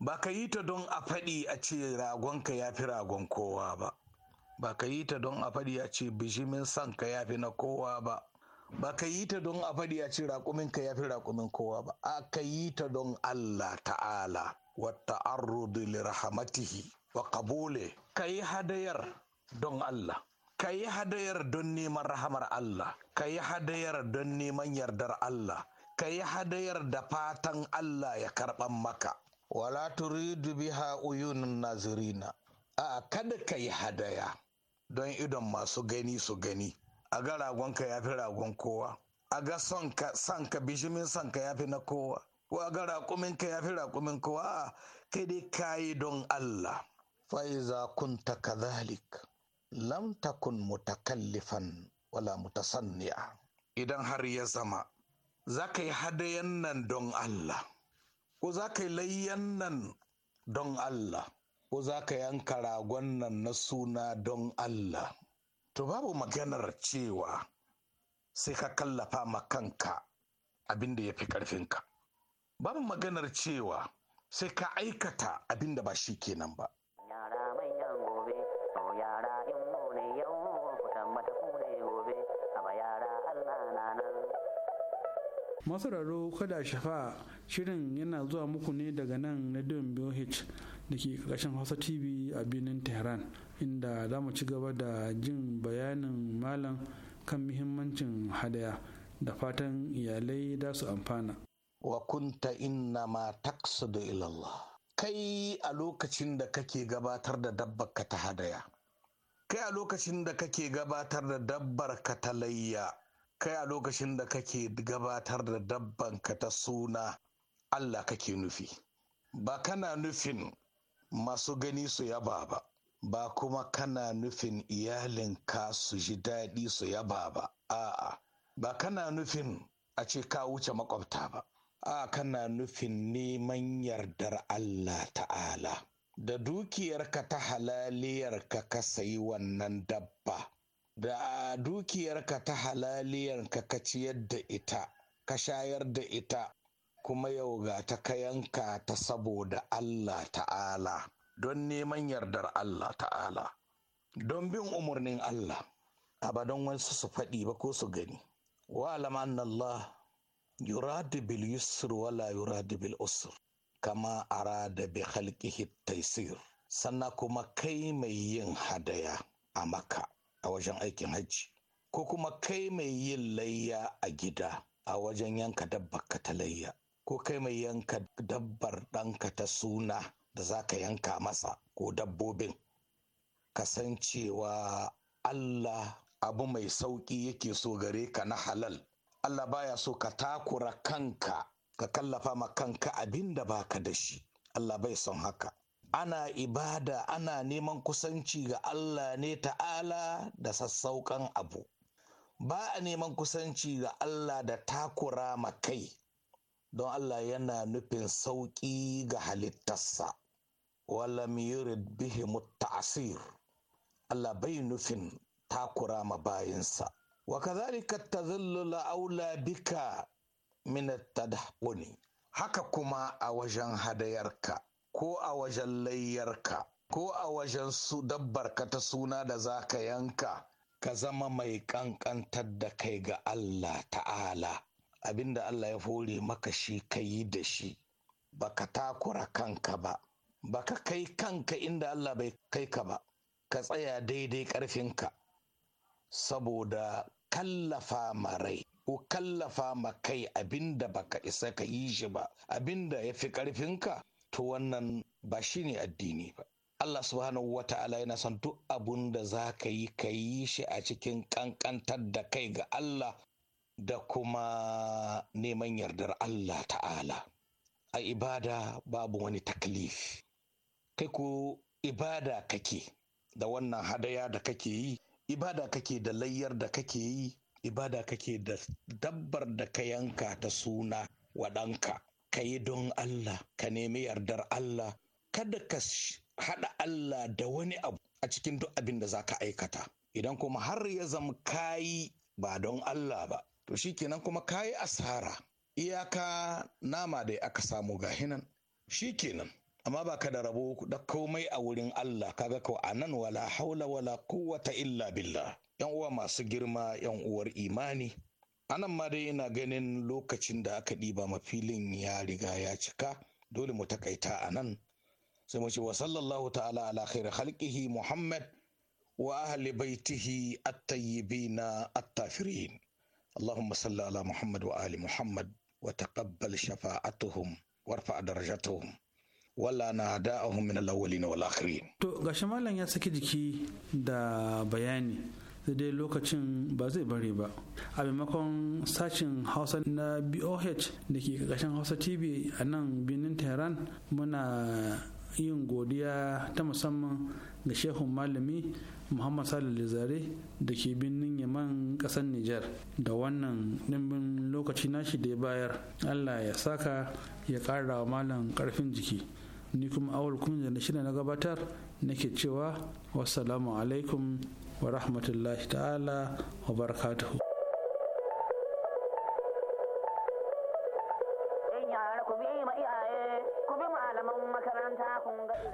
S11: ba ka yi ta don a faɗi a ce ragonka ya fi ragon kowa ba ba ka yi ta don a faɗi a ce bishimin sanka ya fi na kowa ba ba ka yi ta don a faɗi a ce raƙuminka ya fi raƙumin kowa ba a ka yi ta don allah ta'ala wata an li rahmatihi wa kabule ka yi hadayar don allah ka yi hadayar don neman rahamar allah ka yi hadayar don neman yardar allah ka yi hadayar da fatan Allah ya karɓan maka wala turidu biha uyunun nazirina a kada ka yi hadaya don idon masu gani su gani a ga ragonka ya fi ragon kowa a ga son ka bishimin sanka ya fi na kowa ko a ga raƙumin ya fi raƙumin kowa a kai ka yi don Allah fa'iza kunta zalik, lam takun mutakallifan wala mutasanniya. idan har ya zama za ka yi hadayan nan don Allah ko za ka yi layyan nan don Allah ko za ka yanka ragon nan na suna don Allah to babu maganar cewa sai ka kallafa ma kanka abin da ya fi ƙarfinka babu maganar cewa sai ka aikata abin da ba shi kenan ba
S9: yara in ne yau ku gobe, a yara Allah na nan.
S10: Masararo kada shafa shirin yana zuwa muku ne daga nan na don BOH da ke ƙarƙashin Hausa TV a birnin Tehran inda za mu ci gaba da jin bayanin malam kan muhimmancin hadaya da fatan iyalai da su
S11: amfana. Wa kunta inna ma da ilallah. Kai a lokacin da kake gabatar da dabbarka ta hadaya. Kai a lokacin da kake gabatar da dabbarka ta layya. kai a lokacin da kake gabatar da dabbanka ta suna Allah kake nufi ba kana nufin masu gani su yaba ba ba kuma kana nufin iyalinka su ji daɗi su yaba ba a'a ba kana nufin a ce ka wuce makwabta ba a kana nufin neman yardar Allah ta'ala da dukiyarka ta halaliyarka ka sayi wannan dabba da dukiyarka ta halaliyarka ka ciyar da ita ka shayar da ita kuma yau ga ta kayanka ta saboda Allah ta'ala don neman yardar Allah ta'ala don bin umarnin Allah abadan wasu su faɗi ba ko su gani wa Allah yuradu bil yusr wala yuradu bil usr kama arada bi khalqihi taysir sannan kuma kai mai yin hadaya a maka a wajen aikin hajji ko kuma kai mai yin layya a gida a wajen yanka dabbar ka ta layya ko kai mai yanka dabbar ɗanka ta suna da za ka yanka masa ko dabbobin kasancewa Allah abu mai sauƙi yake so gare ka na halal Allah baya so ka takura kanka ka kallafa ma kanka abin da baka da shi Allah bai son haka ana ibada ana neman kusanci ga Allah ne ta'ala da sassauƙan abu ba a neman kusanci ga Allah da takura makai don Allah yana nufin sauƙi ga halittarsa walam yurid bihi ta'asir Allah bai nufin takura ma bayinsa wa kadhalika tazallu la'aula bika min haka kuma a wajen hadayarka ko a wajen layyarka ko a wajen su dabbarka ta suna da za ka yanka ka zama mai ƙanƙantar da kai ga Allah ta'ala abinda Allah ya fore maka shi ka yi da shi baka takura kanka ba baka kai kanka inda Allah bai kai ka ba ka tsaya daidai ƙarfinka saboda kallafa marai ko kallafa ma kai abinda baka isa ka yi shi ba abinda ya fi ƙarfinka to wannan ba shi ne addini ba Allah subhanahu wa ta'ala yana son duk abun da za ka yi ka yi shi a cikin kankantar da kai ga Allah da kuma neman yardar Allah ta'ala a ibada babu wani taklif kai ko ibada kake da wannan hadaya da kake yi ibada kake da layyar da kake yi ibada kake da dabbar da ka yanka ta suna waɗanka ka yi don Allah ka nemi yardar Allah kada ka haɗa Allah da wani abu a cikin duk abin da za ka aikata idan kuma har ya zama kayi ba don Allah ba to shikenan kuma kayi asara iyaka nama da aka samu gahinan shikenan amma ba ka da rabo da komai a wurin Allah kaga ko anan wala haula wala quwwata illa billa, yan uwa masu girma yan uwar imani anan ma dai ina ganin lokacin da aka ɗiba ma filin ya riga ya cika dole mu takaita a nan sai mu ce wa sallallahu ta'ala ala khair khalqihi muhammad wa ahli baitihi at-tayyibina at-tafirin اللهم صل wa محمد وآل محمد وتقبل شفاعتهم وارفع درجتهم wala na da'ahum min al-awwalin wal akhirin
S10: to gashi malam ya saki jiki da bayani sai dai lokacin ba zai bare ba a maimakon sashin hausa na boh da ke ƙarƙashin hausa tv a nan birnin tehran muna yin godiya ta musamman ga shehun malami muhammad salih zare da ke birnin yaman kasar niger da wannan ɗimbin lokaci nashi da ya bayar allah ya saka ya ƙara wa malam ƙarfin jiki ni kuma awal kuma da shida na gabatar nake cewa wassalamu alaikum wa rahmatullahi ta'ala wa barakatuhu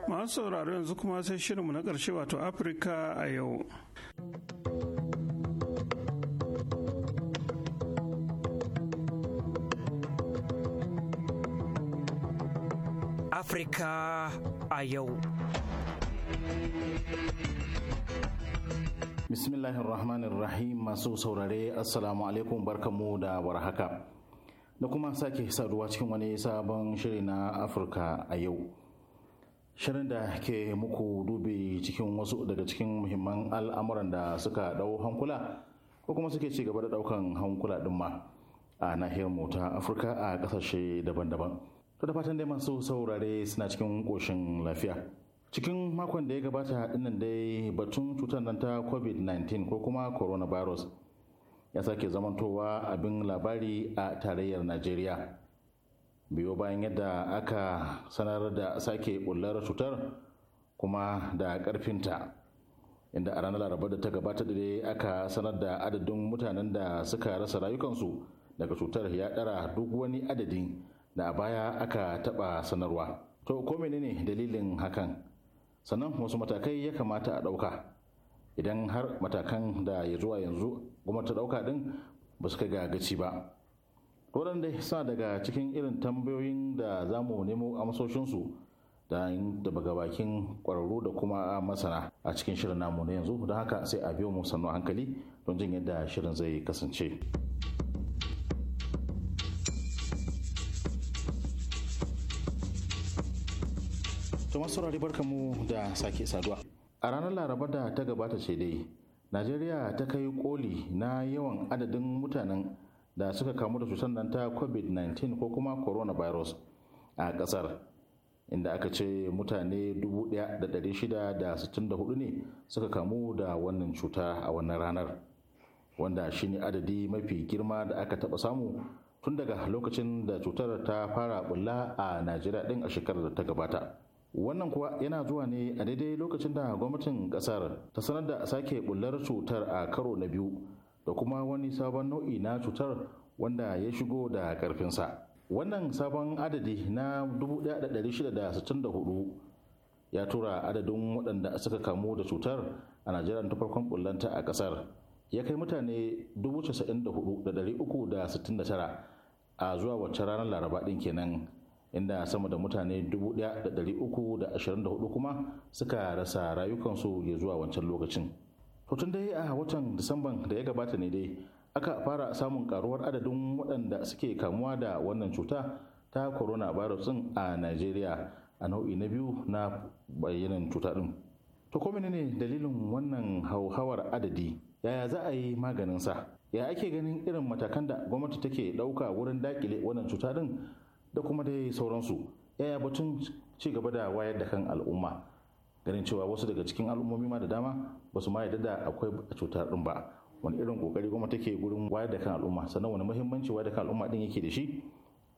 S2: masu sauraro yanzu kuma sai shirinmu na ƙarshe wato afirka a yau
S3: afirka a yau
S4: bismillahir rahmanir rahim masu saurare assalamu alaikum barkamu da warhaka da kuma sake saduwa cikin wani sabon shiri na afirka a yau shirin da ke muku dube cikin wasu daga cikin muhimman al'amuran da suka dau hankula ko kuma suke ci gaba da daukan hankula din ma a nahiyar mu afirka a kasashe daban-daban to da fatan dai masu saurare suna cikin koshin lafiya cikin makon da ya gabata dinnan dai batun cutar nan ta covid-19 ko kuma coronavirus ya sake zamantowa abin labari a tarayyar najeriya biyo bayan yadda aka sanar da sake bullar cutar kuma da karfinta inda a ranar laraba da ta gabata dai aka sanar da adadin mutanen da suka rasa rayukansu daga cutar ya dara duk wani adadin da a baya aka taɓa sanarwa to ko menene dalilin hakan sannan wasu matakai ya kamata a ɗauka idan har matakan da ya zuwa yanzu gwamnati ɗauka ɗin ba su kai ga gaci ba waɗanda sa daga cikin irin tambayoyin da za mu nemo amsoshinsu da daga bakin ƙwararru da kuma masana a cikin shirin namu na yanzu don haka sai a biyo mu sannu hankali don jin yadda shirin zai kasance. to masu saurari barkamu da sake saduwa a ranar laraba da ta gabata ce dai najeriya ta kai koli na yawan adadin mutanen da suka kamu da cutar nan ta covid-19 ko kuma coronavirus a kasar inda aka ce mutane 1,664 ne suka kamu da wannan cuta a wannan ranar wanda shine adadi mafi girma da aka taɓa samu tun daga lokacin da cutar ta fara bulla a najeriya din a shekarar da ta gabata wannan kuwa yana zuwa ne a daidai lokacin da gwamnatin kasar ta sanar da sake bullar cutar a karo na biyu da kuma wani sabon nau'i na cutar wanda ya shigo da karfinsa wannan sabon adadi na 1664 ya tura adadin waɗanda suka kamu da cutar a najeriya ta farkon bullanta a kasar ya kai mutane 94,369 a zuwa wacce ranar laraba ɗin kenan inda sama da mutane 1,324 kuma suka rasa rayukansu ya zuwa wancan lokacin. Hutun dai a watan Disamban da ya gabata ne dai aka fara samun karuwar adadin waɗanda suke kamuwa da wannan cuta ta coronavirus ɗin a Najeriya a nau'i na biyu na bayyanan cuta din. To ko ne dalilin wannan hauhawar adadi? Yaya za a yi maganinsa? Ya ake ganin irin matakan da gwamnati take ɗauka wurin daƙile wannan cuta din. da kuma dai sauransu yaya batun ci gaba da wayar da kan al'umma ganin cewa wasu daga cikin al'ummomi ma da dama ba su ma yadda da akwai cutar din ba wani irin kokari kuma take gurin wayar da kan al'umma sannan wani muhimmanci wayar da kan al'umma din yake da shi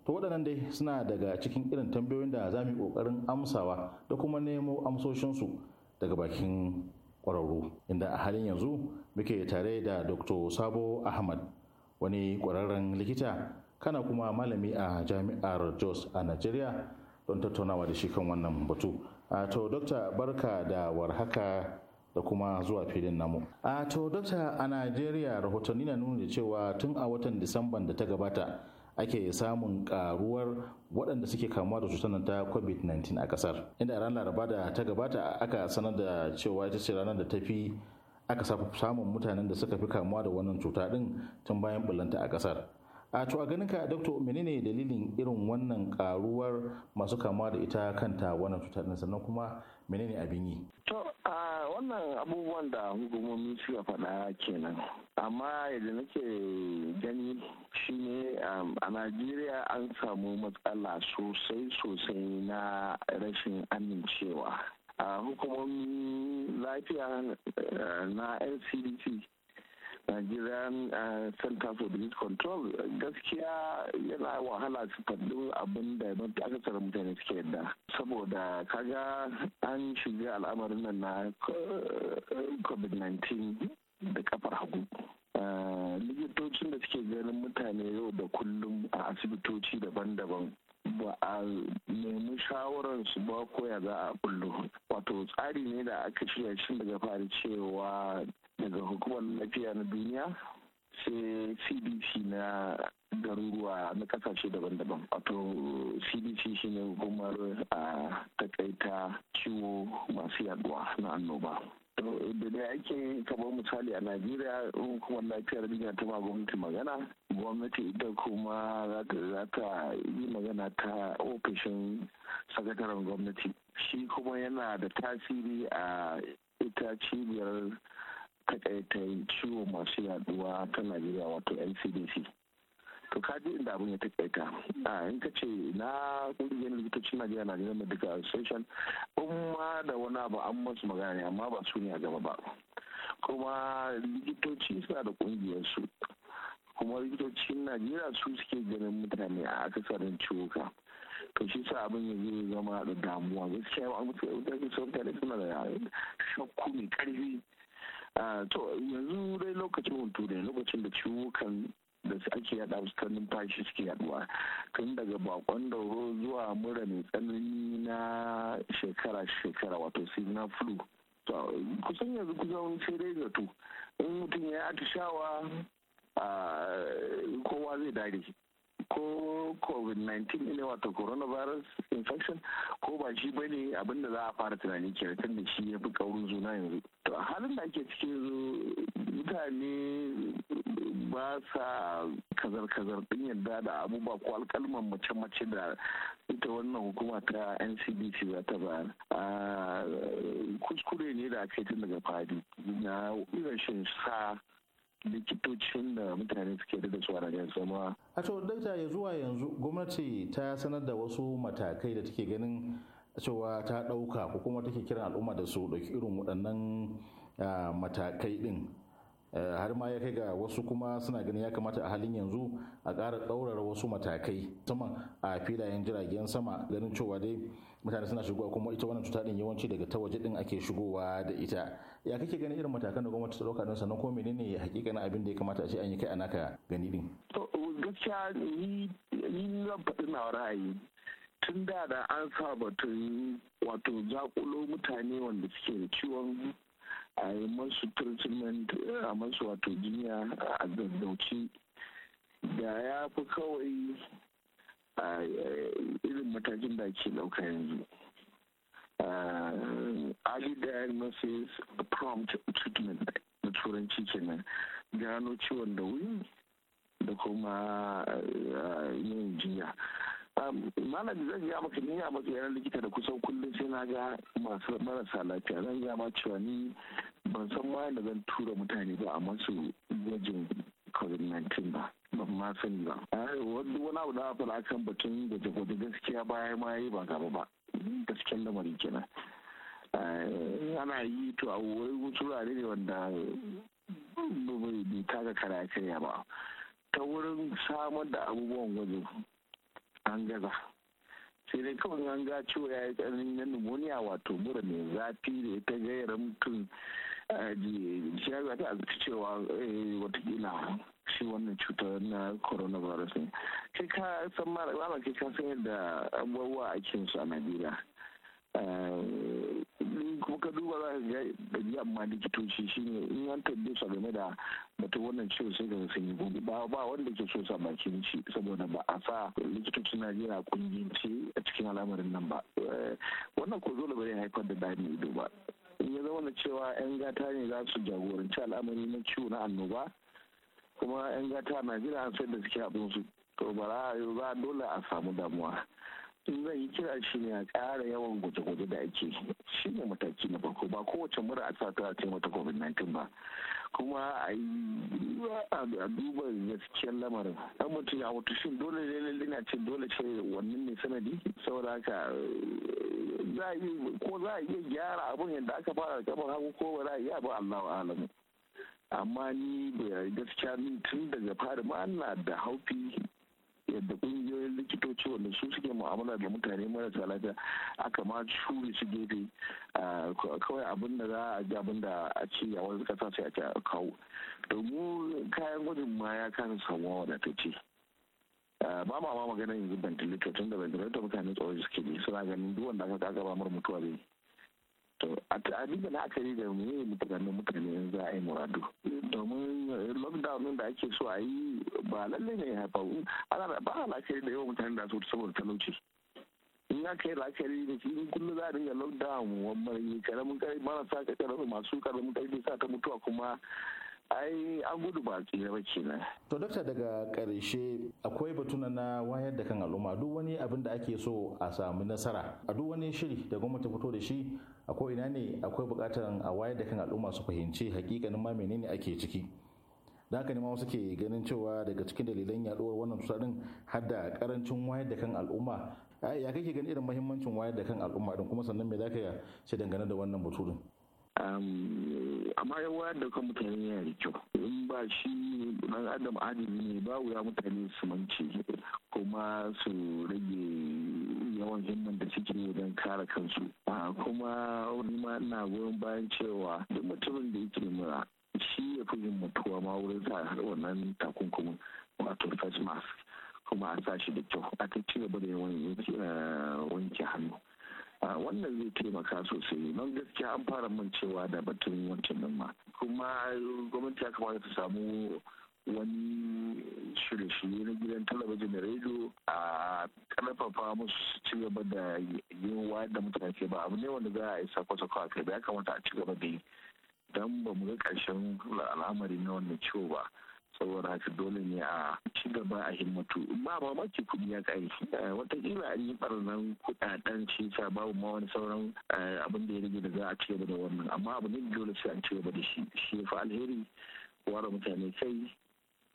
S4: to waɗannan dai suna daga cikin irin tambayoyin da za mu yi kokarin amsawa da kuma nemo amsoshinsu daga bakin ƙwararru inda a halin yanzu muke tare da dr sabo ahmad wani ƙwararren likita kana kuma malami a jami'ar jos a nigeria don tattaunawa da shi kan wannan batu a to dokta barka da warhaka da kuma zuwa filin namu a to dokta a nigeria rahotanni na nuna cewa tun a watan disamban da ta gabata ake samun karuwar waɗanda suke kamuwa da cutar ta covid-19 a ƙasar inda ranar laraba da ta gabata aka sanar da cewa ita ce ranar da ta fi aka samun mutanen da suka fi kamuwa da wannan cuta ɗin tun bayan bulanta a ƙasar a to a ganin ka doctor menene dalilin irin wannan karuwar masu kama da ita kanta wannan cutar din sannan kuma menene abin yi
S6: to a wannan abubuwan da hukumomi suka faɗa kenan amma yadda nake gani shine um, a najeriya an samu matsala sosai sosai na rashin amincewa a hukumomin lafiya eh, na ncdc Nigerian eh, Center for Disease Control gaskiya yana wahala su faɗi abin da aka tsara mutane suke yadda. Saboda kaga an shiga al'amarin nan na eh, COVID-19 da kafar hagu. Eh, likitocin da suke ganin mutane yau da kullum a asibitoci daban-daban ba a nemi shawarar su ba koya za a bullo wato tsari ne da aka shirya shi daga fari cewa daga hukumar lafiya na duniya sai cdc na garuruwa na kasashe daban-daban wato cdc shine hukumar a takaita ciwo masu yaduwa na annoba da da ake kamar misali a najeriya hukumar lafiyar duniya ta gwamnati magana gwamnati ita kuma za ta yi magana ta ofishin sakataren gwamnati shi kuma yana da tasiri a ita cibiyar takaitar ciwo masu yaduwa ta najeriya wato ncdc to ka ji inda abin ya takaita a in ka ce na kungiyar likitocin najeriya na jiran medical association in ma da wani abu an masu magana ne amma ba su ne a gaba ba kuma likitoci suna da kungiyar su kuma likitocin najeriya su suke ganin mutane a akasarin ciwuka to shi sa abin ya zai zama da damuwa gaskiya ba mutane suna da shakku mai karfi Ah, to yanzu dai lokacin hutu ne lokacin da ciwukan da ake yada su numfashi suke yaduwa tun daga bakon dauro zuwa mura mai tsanani na shekara-shekara wato na flu kusan yanzu kusan sai dai zato in mutum ya atishawa ah, kowa zai dare ko covid-19 ne wato coronavirus infection ko ba shi ba ne abinda za a fara tunani kenan tun da shi ya fi kaurin zuna yanzu to a halin da ake cikin mutane ba sa kazar-kazar din yadda da abubuwa ko alkalman mace-mace da ita wannan hukuma ta ncbc za ta bayar kuskure ne da aka yi tun daga fadi na rashin sa likitocin da mutane suke da su a Najeriya sama.
S4: A to daita ya zuwa yanzu gwamnati ta sanar da wasu matakai da take ganin cewa ta ɗauka ko kuma take kiran al'umma da su ɗauki irin waɗannan matakai ɗin har ma ya kai ga wasu kuma suna ganin ya kamata a halin yanzu a ƙara ɗaurara wasu matakai musamman a filayen jiragen sama ganin cewa dai mutane suna shigowa kuma ita wannan cuta din yawanci daga ta waje din ake shigowa da ita ya kake ganin irin matakan da gwamnati ta dauka don sannan ko menene hakikanin abin da ya kamata a ce an yi kai a naka gani din
S6: to gaskiya ni ni zan faɗi na ra'ayi tun da da an sa batun wato zakulo mutane wanda suke da ciwon a yi masu treatment a masu wato jinya a zazzauci da ya fi kawai a irin matakin da ake ɗauka yanzu early diagnosis prompt treatment da turanci kenan gano ciwon da wuri da kuma yin jinya malam zan ya maka ni a matsayin likita da kusan kullum sai na ga masu marasa lafiya zan ya ma cewa ni ban san ma da zan tura mutane ba a masu gwajin covid-19 ba ban ma sani ba wani abu da fara kan batun gwaje-gwaje gaskiya baya ma yi ba gaba ba gaskiyar lamari kenan ana yi to a wai wasu wurare ne wanda bai taka karatun karya ba ta wurin samar da abubuwan gwaje an gaza sai dai kawai an ga cewa ya yi tsananin na pneumonia wato mura mai zafi da ita gayyara mutum shi ga ta a cewa eh, watakila shi wannan cutar na coronavirus ne kai ka san mara kai ka san yadda abubuwa a su a najeriya eh, kuma ka duba za ka ga likitoci shine in an tambaye su game da mutum wannan ciwo sai ga sun yi ba ba wanda ke so sa bakin ci saboda ba a sa likitocin Najeriya kungiyance a cikin al'amarin nan ba eh, wannan ko zo da haifar da dani ido ba ya zama da cewa 'yan gata ne za su jagoranci al'amari na ciwo na annoba kuma 'yan gata na jira an da suke haɗin su to ba za a dole a samu damuwa zai kira shi ne a ƙara yawan gwaje-gwaje da ake shi ne mataki na farko ba kowace mura a sa ta mata covid-19 ba kuma a yi a duba gaskiyar lamarin dan mutum ya mutu shi dole ne na ce dole ce wannan ne sanadi saboda haka za ko za a iya gyara abin yadda aka fara da kafar hagu ko ba za a iya ba allahu alamu amma ni gaskiya ni tun daga fari ma da haufi yadda kungiyoyin likitoci wanda su suke mu'amala da mutane marasa lafiya aka ma cure su gefe kawai abin da za a ji abin da a ci a wani kasa sai a kawo domin kayan gwajin ma ya kan samuwa wadatacce ba ma ma magana yanzu ventilator tun da ventilator mutane tsoro suke ne suna ganin duk wanda aka kaga ba mutuwa ne To, abin da la'akari da mu yi tunanin mutane za a yi muradu. Domin eh, lockdown ɗin da ake so a yi ba lallai ne ya haifa ba a la'akari da yawan mutane da su saboda talauci. in ya kai la'akari da shi in kullum za a dinga lockdown wani karamin kai marasa karamin masu karamin kai sa ta mutuwa kuma ai an gudu ba tsira ba nan.
S4: To dokta daga karshe akwai batuna na wayar da kan al'umma duk wani abin da ake so a samu nasara a duk wani shiri da gwamnati fito da shi akwai ina ne akwai bukatar a wayar da kan al'umma su fahimci hakikanin ma menene ake ciki. Da haka ne wasu ke ganin cewa daga cikin dalilan yaduwar wannan cuta din har da karancin wayar da kan al'umma ya kake ganin irin muhimmancin wayar da kan al'umma din kuma sannan me zaka ce dangane da wannan baturin.
S6: amma ya wayar da kan mutane yana da kyau in ba shi dan adam adami ne ba wuya mutane su mance kuma su rage yawan himman da suke don kare kansu kuma wani ma ina goyon bayan cewa duk mutumin da yake mura shi ya fi yin mutuwa ma wurin sa wannan takunkumin wato face mask kuma a sa shi da kyau a ta ci gaba da yawan eh, wanke hannu wannan zai taimaka sosai don gaskiya an fara mancewa da batun wancan nan ma kuma gwamnati ya kamata ta samu wani shirye-shirye na gidan talabijin da rediyo a karfafa musu ci gaba da yin wayar da mutane ke ba abu ne wanda za a isa kwasa kawai kai ba ya kamata a ci gaba da yi don ba mu ga ƙarshen al'amari na wannan ciwo ba saboda haka dole ne a ci gaba a himmatu ba mamaki kudi ya kai eh, watakila an yi barnan kuɗaɗen shi sa babu ma wani sauran eh, abin da ya rage da za a ci gaba da wannan amma abu ne dole sai an ci gaba da shi shi fa alheri wara mutane kai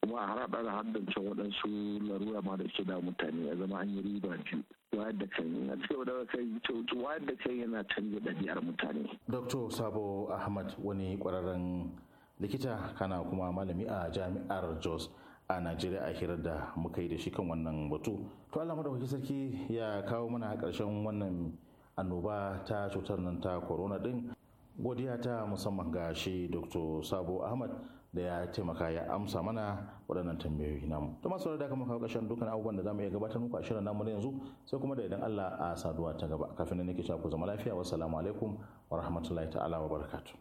S6: kuma a haɗa da haddance waɗansu laruwa ma da suke da mutane a zama an yi riba biyu wayar da kai a cikin da kai cewa wayar da kai yana canza ɗabi'ar mutane.
S4: Dr. Sabo Ahmad wani ƙwararren likita kana kuma malami a jami'ar jos a najeriya a hirar da muka yi da shi kan wannan batu to allah madaukakin sarki ya kawo mana karshen wannan annoba ta cutar nan ta corona din godiya ta musamman ga shi dr sabo ahmad da ya taimaka ya amsa mana waɗannan tambayoyi namu to masu da kuma kawo ƙarshen dukkan abubuwan da zamu iya gabatar muku a shirin namu na yanzu sai kuma da idan Allah a saduwa ta gaba kafin nan nake cewa ku zama lafiya wassalamu alaikum wa rahmatullahi ta'ala wa barakatuh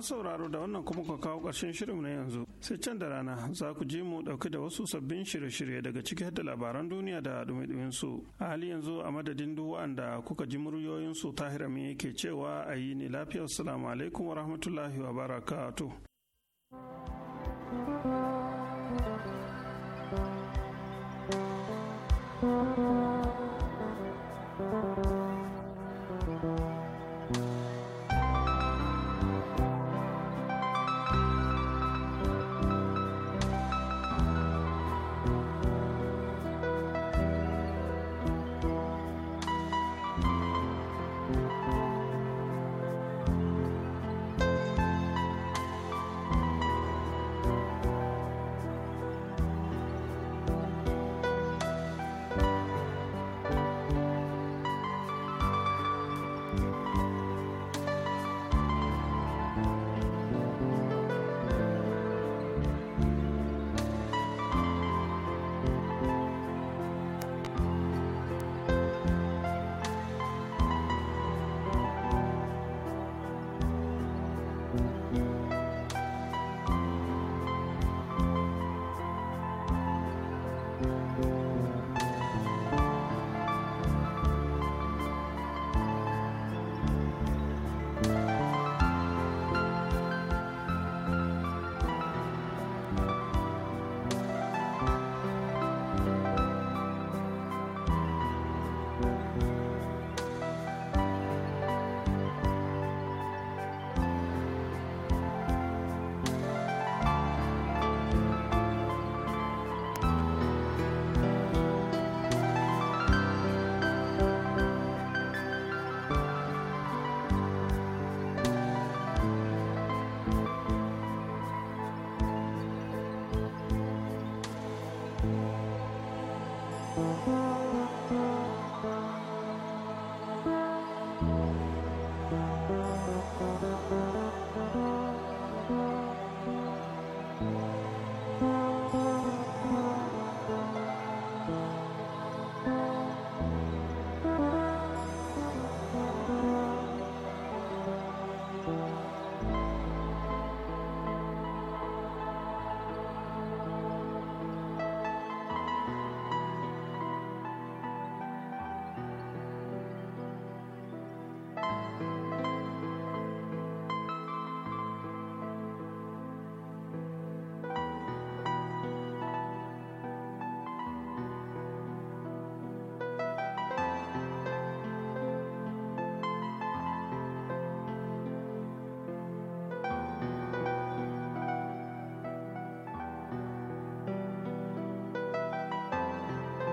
S2: masu sauraro da wannan kuma ka kawo ƙarshen shirinmu na yanzu sai can da rana za ku je mu ɗauki da wasu sabbin shirye-shirye daga ciki da labaran duniya da dumi su a hali yanzu a madadin duk wanda kuka ji muryoyin su tahira amin yake cewa a yi ne lafiya assalamu alaikum wa rahmatullahi wa barakatuh